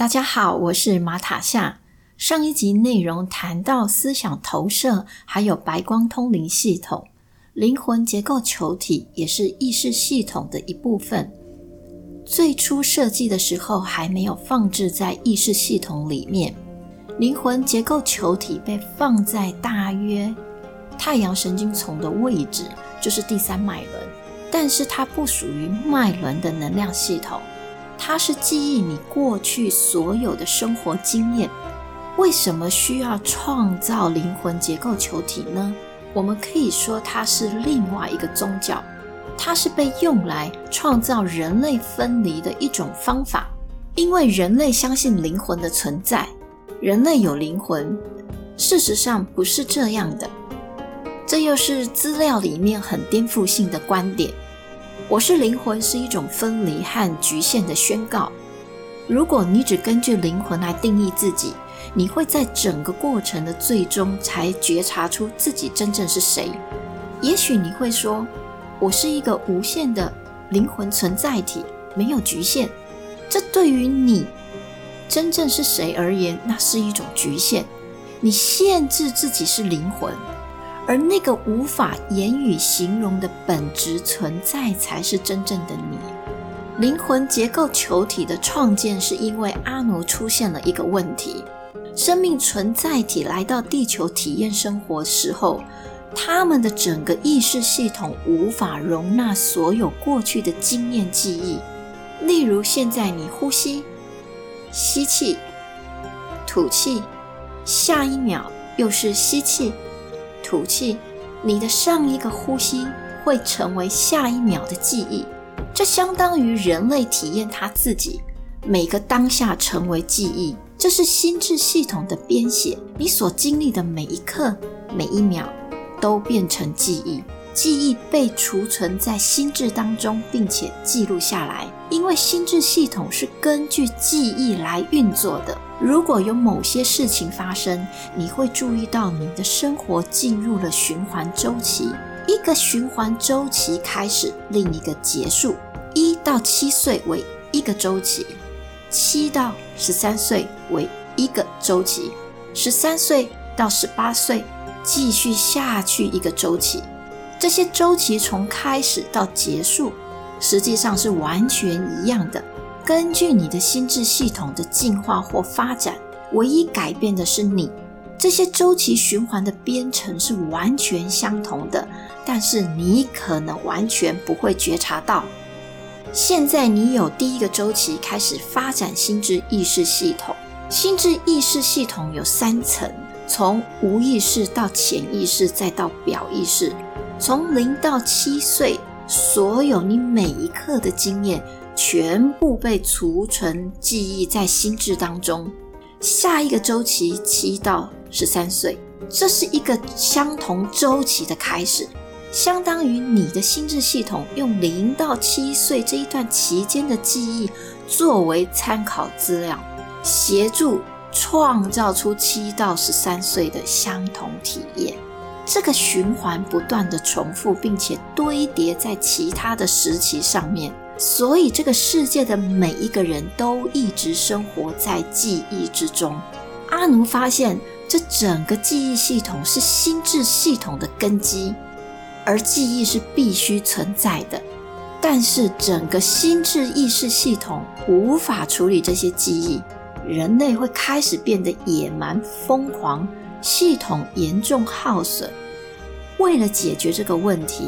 大家好，我是馬塔夏。上一集內容談到思想投射，還有白光通靈系統，靈魂結構球體也是意識系統的一部分。最初設計的時候還沒有放置在意識系統裡面，靈魂結構球體被放在大約太陽神經叢的位置，就是第三脈輪，但是它不屬於脈輪的能量系統。它是記憶你過去所有的生活經驗。為什麼需要創造靈魂結構球體呢？我們可以說它是另外一個宗教，它是被用來創造人類分離的一種方法。因為人類相信靈魂的存在，人類有靈魂。事實上不是這樣的，這又是資料裡面很顛覆性的觀點。我是靈魂，是一種分離和局限的宣告。如果你只根據靈魂來定義自己，你會在整個過程的最終才覺察出自己真正是誰。也許你會說，我是一個無限的靈魂存在體，沒有局限。這對於你真正是誰而言，那是一種局限。你限制自己是靈魂。而那個無法言語形容的本質存在，才是真正的你。靈魂結構球體的創建，是因為阿奴出現了一個問題：生命存在體來到地球體驗生活時候，他們的整個意識系統無法容納所有過去的經驗記憶。例如，現在你呼吸，吸氣，吐氣，下一秒又是吸氣。吐氣，你的上一個呼吸會成為下一秒的記憶，這相當於人類體驗他自己每個當下成為記憶，這是心智系統的編寫。你所經歷的每一刻、每一秒都變成記憶，記憶被儲存在心智當中，並且記錄下來，因為心智系統是根據記憶來運作的。如果有某些事情發生，你會注意到你的生活進入了循環周期。一個循環周期開始，另一個結束。一到七歲為一個周期，七到十三歲為一個周期，十三歲到十八歲，繼續下去一個周期。這些周期從開始到結束，實際上是完全一樣的。根據你的心智系統的進化或發展，唯一改變的是你。這些周期循環的編程是完全相同的，但是你可能完全不會覺察到。現在你有第一個周期開始發展心智意識系統。心智意識系統有三層：從無意識到潛意識，再到表意識。從零到七歲，所有你每一刻的經驗。全部被儲存記憶在心智當中。下一個周期七到十三歲，這是一個相同周期的開始，相當於你的心智系統用零到七歲這一段期間的記憶作為參考資料，協助創造出七到十三歲的相同體驗。這個循環不斷地重複，並且堆疊在其他的時期上面。所以，這個世界的每一個人都一直生活在記憶之中。阿奴發現，這整個記憶系統是心智系統的根基，而記憶是必須存在的。但是，整個心智意識系統無法處理這些記憶，人類會開始變得野蠻、瘋狂，系統嚴重耗損。為了解決這個問題，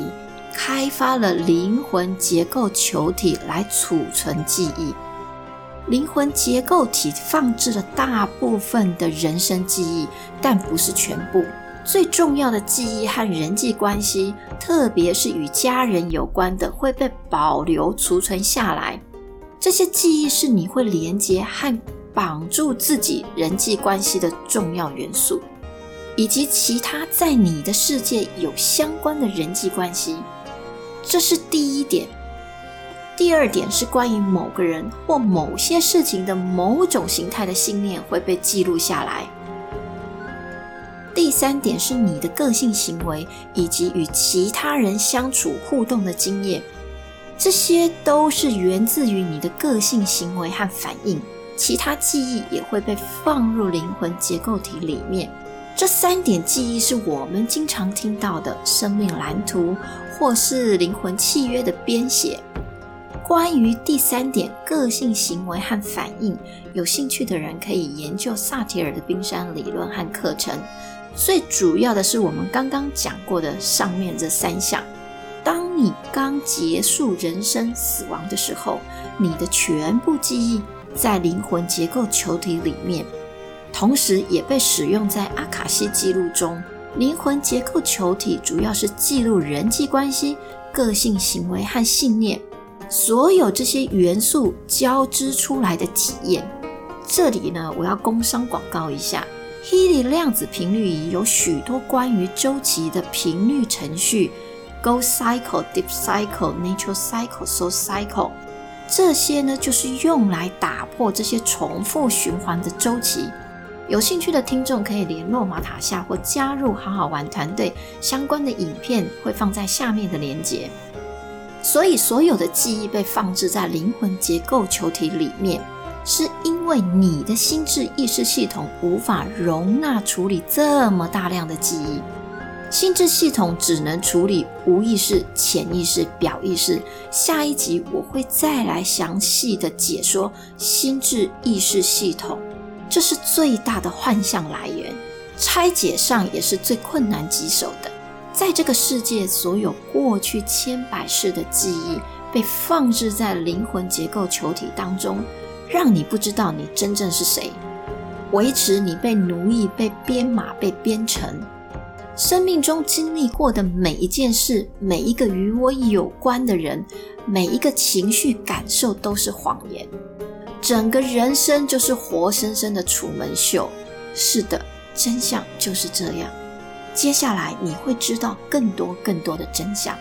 開發了靈魂結構球體來儲存記憶。靈魂結構體放置了大部分的人生記憶，但不是全部。最重要的記憶和人際關係，特別是與家人有關的，會被保留儲存下來。這些記憶是你會連接和綁住自己人際關係的重要元素，以及其他在你的世界有相關的人際關係。這是第一點，第二點是關於某個人或某些事情的某種形態的信念會被記錄下來。第三點是你的個性行為，以及與其他人相處互動的經驗，這些都是源自於你的個性行為和反應。其他記憶也會被放入靈魂結構體裡面。這三點記憶是我們經常聽到的“生命藍圖”或是“靈魂契約”的編寫。關於第三點，個性行為和反應，有興趣的人可以研究薩提爾的冰山理論和課程。最主要的是我們剛剛講過的上面這三項。當你剛結束人生死亡的時候，你的全部記憶在靈魂結構球體裡面。同時，也被使用在阿卡西記錄中。靈魂結構球體主要是記錄人際關係、個性、行為和信念，所有這些元素交織出來的體驗。這裡呢，我要工商廣告一下，Healy 量子頻率儀有許多關於周期的頻率程序，Go Cycle、Deep Cycle、Natural Cycle、So Cycle。這些呢，就是用來打破這些重複循環的周期。有興趣的聽眾可以聯絡馬塔夏或加入好好玩團隊，相關的影片會放在下面的連結。所以，所有的記憶被放置在靈魂結構球體裡面，是因為你的心智意識系統無法容納處理這麼大量的記憶，心智系統只能處理無意識、潛意識、表意識。下一集我會再來詳細的解說心智意識系統。這是最大的幻象來源，拆解上也是最困難棘手的。在這個世界，所有過去千百世的記憶被放置在靈魂結構球體當中，讓你不知道你真正是誰，維持你被奴役、被編碼、被編程。生命中經歷過的每一件事、每一個與我有關的人、每一個情緒感受都是謊言。整個人生就是活生生的楚門秀。是的，真相就是這樣。接下來你會知道更多更多的真相，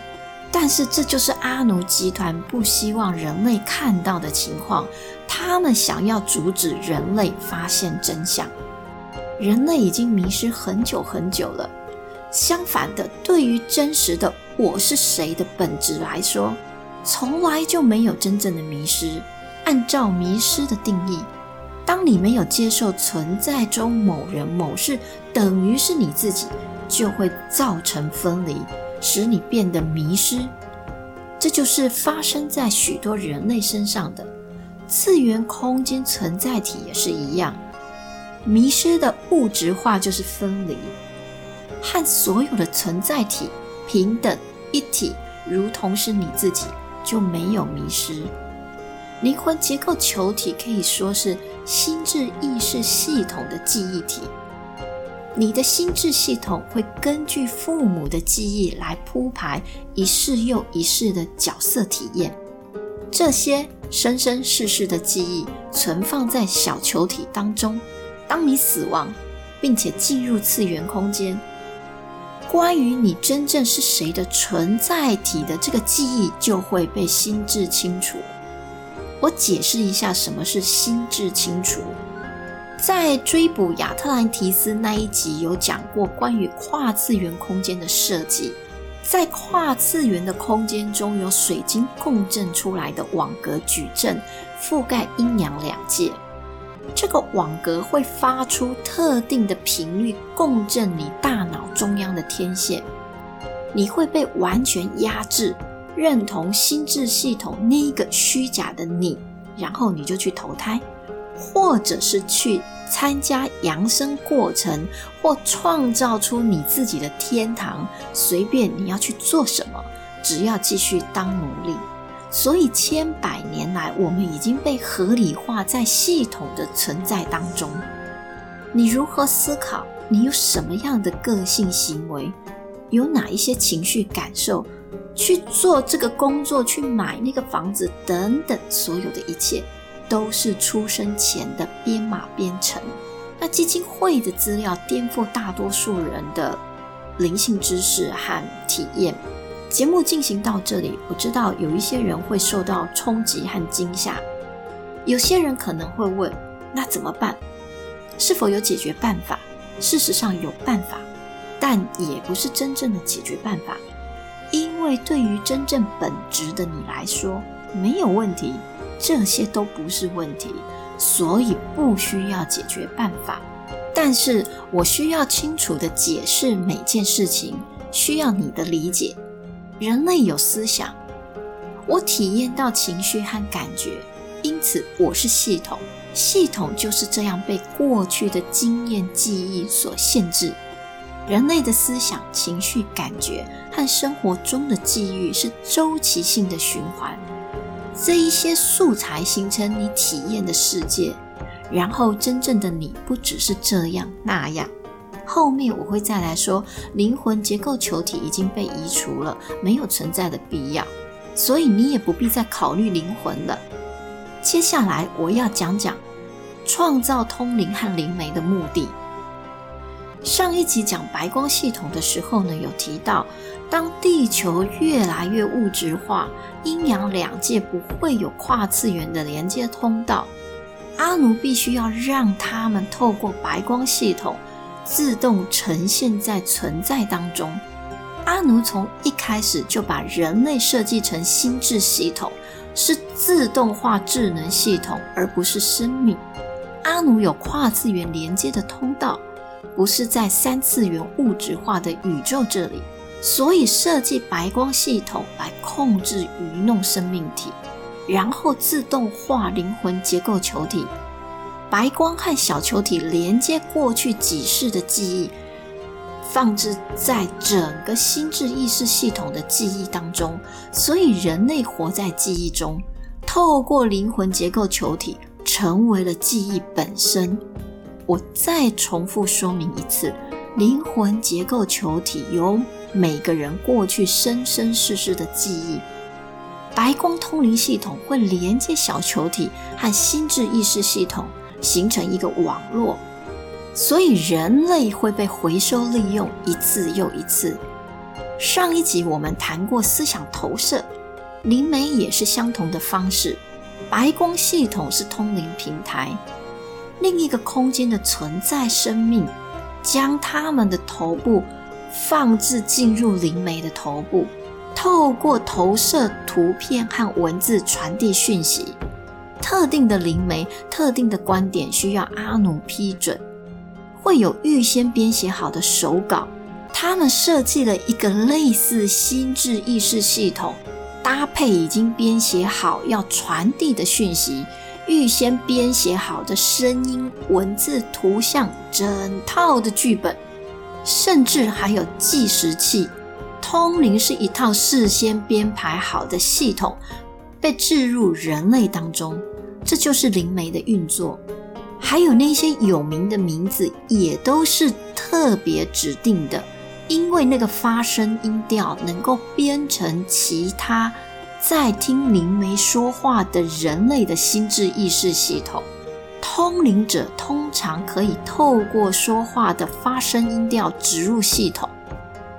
但是這就是阿奴集團不希望人類看到的情況。他們想要阻止人類發現真相。人類已經迷失很久很久了。相反的，對於真實的“我是誰”的本質來說，從來就沒有真正的迷失。按照迷失的定義，當你沒有接受存在中某人某事，等於是你自己，就會造成分離，使你變得迷失。這就是發生在許多人類身上的。次元空間存在體也是一樣，迷失的物質化就是分離，和所有的存在體平等一體，如同是你自己，就沒有迷失。靈魂結構球體可以說是心智意識系統的記憶體。你的心智系統會根據父母的記憶來鋪排一世又一世的角色體驗。這些生生世世的記憶存放在小球體當中。當你死亡，並且進入次元空間，關於你真正是誰的存在體的這個記憶就會被心智清除。我解釋一下什麼是心智清除。在追捕亞特蘭提斯那一集有講過關於跨次元空間的設計，在跨次元的空間中有水晶共振出來的網格矩陣覆蓋陰陽兩界，這個網格會發出特定的頻率共振你大腦中央的天線，你會被完全壓制。認同心智系統那一個虛假的你，然後你就去投胎，或者是去參加揚升過程，或創造出你自己的天堂，隨便你要去做什麼，只要繼續當奴隸。所以千百年來，我們已經被合理化在系統的存在當中。你如何思考？你有什麼樣的個性行為？有哪一些情緒感受？去做這個工作，去買那個房子，等等，所有的一切都是出生前的編碼編程。那基金會的資料顛覆大多數人的靈性知識和體驗。節目進行到這裡，我知道有一些人會受到衝擊和驚嚇。有些人可能會問，那怎麼辦？是否有解決辦法？事實上有辦法，但也不是真正的解決辦法。因為對於真正本質的你來說，沒有問題，這些都不是問題，所以不需要解決辦法。但是我需要清楚地解釋每件事情，需要你的理解。人類有思想，我體驗到情緒和感覺，因此我是系統，系統就是這樣被過去的經驗記憶所限制。人類的思想、情緒、感覺和生活中的際遇是周期性的循環，這一些素材形成你體驗的世界。然後，真正的你不只是這樣那樣。後面我會再來說，靈魂結構球體已經被移除了，沒有存在的必要，所以你也不必再考慮靈魂了。接下來我要講講創造通靈和靈媒的目的。上一集講白光系統的時候呢，有提到，當地球越來越物質化，陰陽兩界不會有跨次元的連接通道，阿奴必須要讓他們透過白光系統自動呈現在存在當中。阿奴從一開始就把人類設計成心智系統，是自動化智能系統，而不是生命。阿奴有跨次元連接的通道。不是在三次元物質化的宇宙這裡，所以設計白光系統來控制愚弄生命體，然後自動化靈魂結構球體。白光和小球體連接過去幾世的記憶，放置在整個心智意識系統的記憶當中，所以人類活在記憶中，透過靈魂結構球體成為了記憶本身。我再重複說明一次，靈魂結構球體由每個人過去生生世世的記憶，白光通靈系統會連接小球體和心智意識系統，形成一個網絡，所以人類會被回收利用一次又一次。上一集我們談過思想投射，靈媒也是相同的方式，白光系統是通靈平台。另一個空間的存在，生命將他們的頭部放置進入靈媒的頭部，透過投射圖片和文字傳遞訊息。特定的靈媒、特定的觀點需要阿努批准，會有預先編寫好的手稿。他們設計了一個類似心智意識系統，搭配已經編寫好要傳遞的訊息。預先編寫好的聲音、文字、圖像、整套的劇本，甚至還有計時器。通靈是一套事先編排好的系統，被置入人類當中，這就是靈媒的運作。還有那些有名的名字，也都是特別指定的，因為那個發聲音調能夠編成其他。在聽靈媒說話的人類的心智意識系統，通靈者通常可以透過說話的發聲音調植入系統，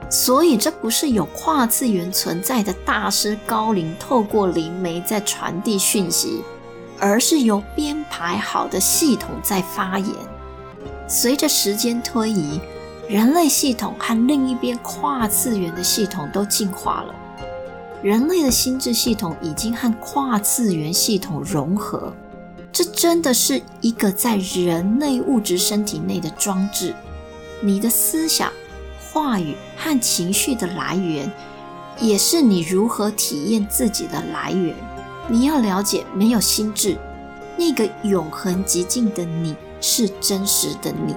所以這不是有跨次元存在的大師高靈透過靈媒在傳遞訊息，而是由編排好的系統在發言。隨着時間推移，人類系統和另一邊跨次元的系統都進化了。人類的心智系統已經和跨次元系統融合，這真的是一個在人類物質身體內的裝置。你的思想、話語和情緒的來源，也是你如何體驗自己的來源。你要了解，沒有心智，那個永恆寂靜的你是真實的你。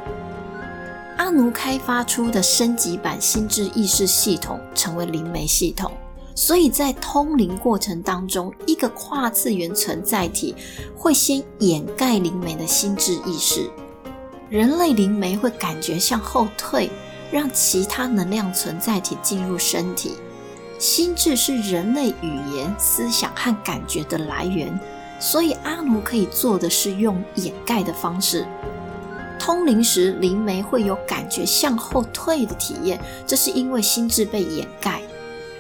阿奴開發出的升級版心智意識系統，成為靈媒系統。所以在通靈過程當中，一個跨次元存在體會先掩蓋靈媒的心智意識，人類靈媒會感覺向後退，讓其他能量存在體進入身體。心智是人類語言、思想和感覺的來源，所以阿奴可以做的是用掩蓋的方式。通靈時，靈媒會有感覺向後退的體驗，這是因為心智被掩蓋。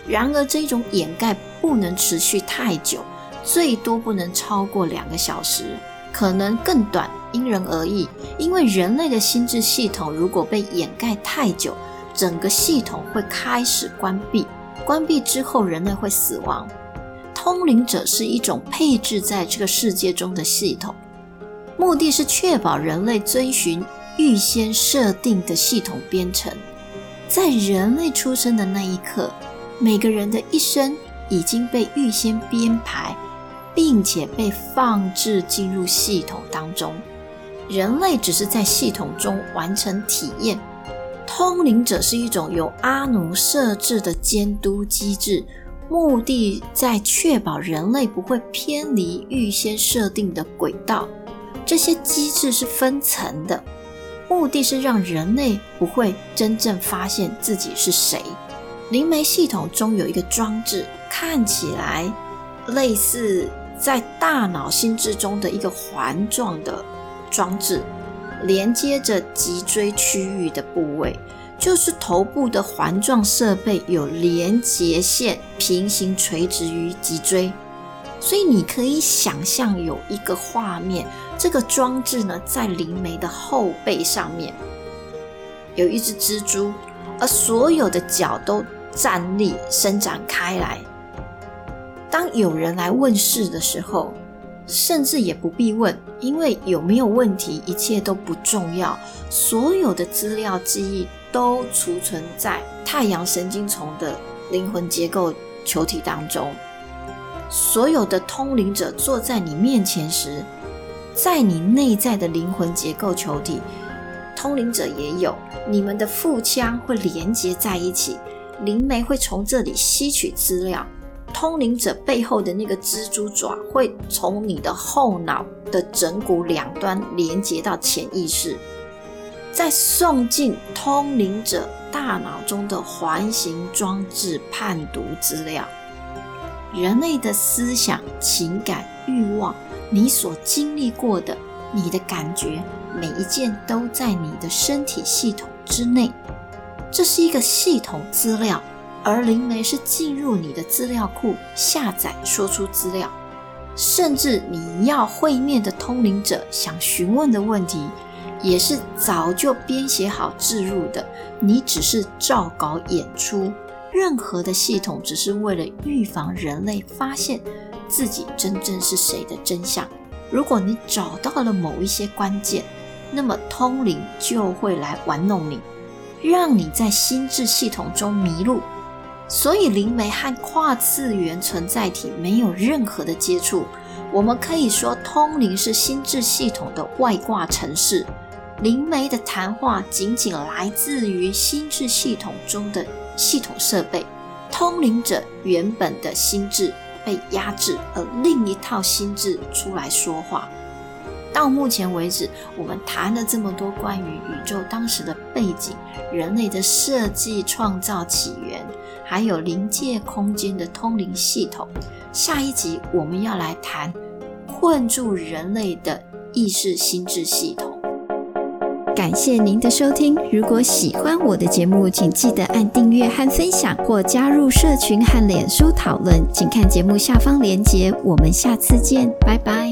然而，這種掩蓋不能持續太久，最多不能超過兩個小時，可能更短，因人而異。因為人類的心智系統如果被掩蓋太久，整個系統會開始關閉，關閉之後人類會死亡。通靈者是一種配置在這個世界中的系統，目的是確保人類遵循預先設定的系統編程。在人類出生的那一刻，每個人的一生已經被預先編排，並且被放置進入系統當中。人類只是在系統中完成體驗。通靈者是一種由阿奴設置的監督機制，目的在確保人類不會偏離預先設定的軌道。這些機制是分層的，目的是讓人類不會真正發現自己是誰。靈媒系統中有一個裝置，看起來類似在大腦心智中的一個環狀的裝置，連接着脊椎區域的部位，就是頭部的環狀設備有連接線平行垂直於脊椎，所以你可以想象有一個畫面，這個裝置呢在靈媒的後背上面，有一只蜘蛛，而所有的腳都。站立伸展開來。當有人來問事的時候，甚至也不必問，因為有沒有問題，一切都不重要。所有的資料記憶都儲存在太陽神經叢的靈魂結構球體當中。所有的通靈者坐在你面前時，在你內在的靈魂結構球體，通靈者也有，你們的腹腔會連接在一起。靈媒會從這裡吸取資料，通靈者背後的那個蜘蛛爪會從你的後腦的枕骨兩端連接到潛意識，再送進通靈者大腦中的環形裝置判讀資料。人類的思想、情感、慾望，你所經歷過的，你的感覺，每一件都在你的身體系統之內。這是一個系統資料，而靈媒是進入你的資料庫下載、說出資料，甚至你要會面的通靈者想詢問的問題，也是早就編寫好置入的，你只是照稿演出。任何的系統只是為了預防人類發現自己真正是誰的真相。如果你找到了某一些關鍵，那麼通靈就會來玩弄你。讓你在心智系統中迷路，所以靈媒和跨次元存在體沒有任何的接觸。我們可以說，通靈是心智系統的外掛程式，靈媒的談話僅僅來自於心智系統中的系統設備。通靈者原本的心智被壓制，而另一套心智出來說話。到目前為止，我們談了這麼多關於宇宙當時的背景、人類的設計、創造起源，還有靈界空間的通靈系統。下一集我們要來談困住人類的意識心智系統。感謝您的收聽，如果喜歡我的節目，請記得按訂閱和分享，或加入社群和臉書討論。請看節目下方連結，我們下次見，拜拜。